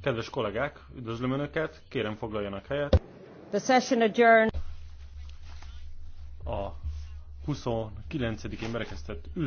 Kedves kollégák, üdvözlöm Önöket, kérem foglaljanak helyet. The session adjourned. A 29. én berekeztett ülés.